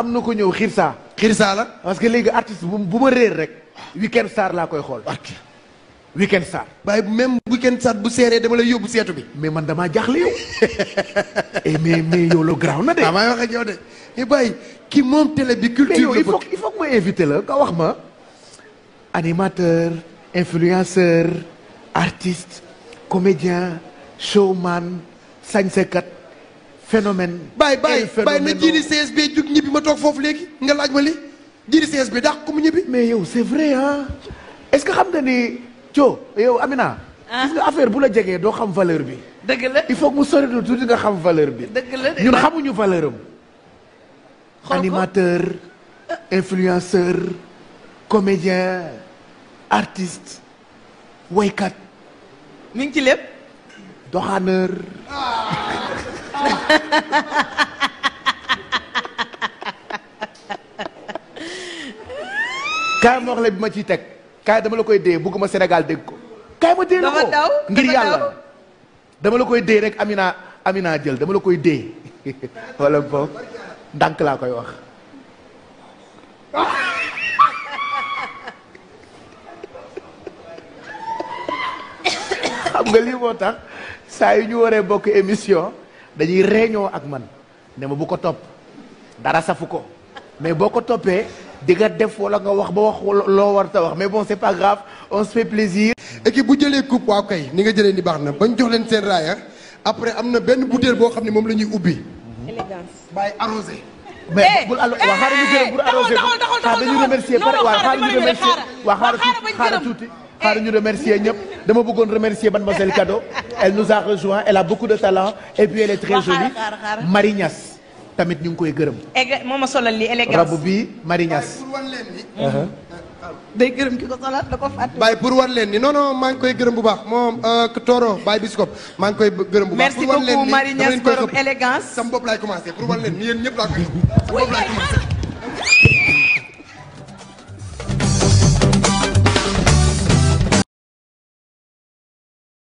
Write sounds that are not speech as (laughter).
am ko ñëw Xirsa. Xirsa la. parce que léegi artiste bu bu ma réer rek. Weekend Star la koy xol ok Weekend Star. bay même Weekend Star bu séré dama lay yóbbu setu bi. mais man damaa jaaxle yow. (laughs) et eh, mais mais yow lo garaaw na dé waaw ah, maa wax ak yow dé eh bay ki mom télé bi. culture il faut il faut que ma invité la nga wax ma. animateur influenceur artiste comédien showman sañsekat phénomène. bye. bàyyi bàyyi na jiiri CSB jug ñibi ma tok fofu léegi nga laaj ma li jiiri CSB da ko mu ñibi. mais yow c'est vrai hein. est-ce que xam nga ni Tio yow Amina. Ah. gis nga affaire bu la jegee doo xam valeur bi. dëgg la il faut que mu sori lu tuuti nga xam valeur bi. dëgg la ñun xamuñu valeur am. animateur influenceur comédien artiste waykat. mi ngi ci lépp. doxaneur. Ah. (laughs) kaay ma bi ma ci teg kaay dama la koy dee bugguma Sénégal dégg ko kaay ma dee la ko ngir yàlla dama la koy dee rek Amina Amina jël dama la koy dee (laughs) wala boobu ndànk laa koy wax (laughs) xam nga lii moo tax saa yu ñu waree bokk émission dañuy réñoo ak man ne ma bu ko topp dara safu ko mais boo ko toppee di nga def wala nga wax ba wax loo war ta wax mais bon c'est pas grave on se fait plaisir. équipe bu jëlee coupe waaw kay ni nga jëlee ni baax na bañ jox leen seen raaya ah. après am na benn bouteille boo xam ne moom la ñuy ubbi. élégance bay arrosé. mais eh, bul allo waaw eh, xaaral ñu gërëm bul eh, arrosé ko xaaral ah, remercier pare waaw xaaral ñu remercier waaw xaaral tuuti xaaral ñu remercier ñëpp dama bëggoon remercier mademoiselle Kado elle nous a rejoint elle a beaucoup de talent et puis elle est très jolie Marie tamit ñu ngi koy gërëm. moom a solal lii élégance rabu bi Marie Niass. Uh-huh. day gërëm ki ko solal da ko fàtte. Baye pour wan leen ni non non maa ngi koy gërëm bu baax moom euh, Toro Baye Biscop maa ngi koy gërëm bu baax. pour wan leen ni merci beaucoup Marie Niass borom élégance. sama bopp laay commencé pour wan leen ni yéen ñëpp laa koy.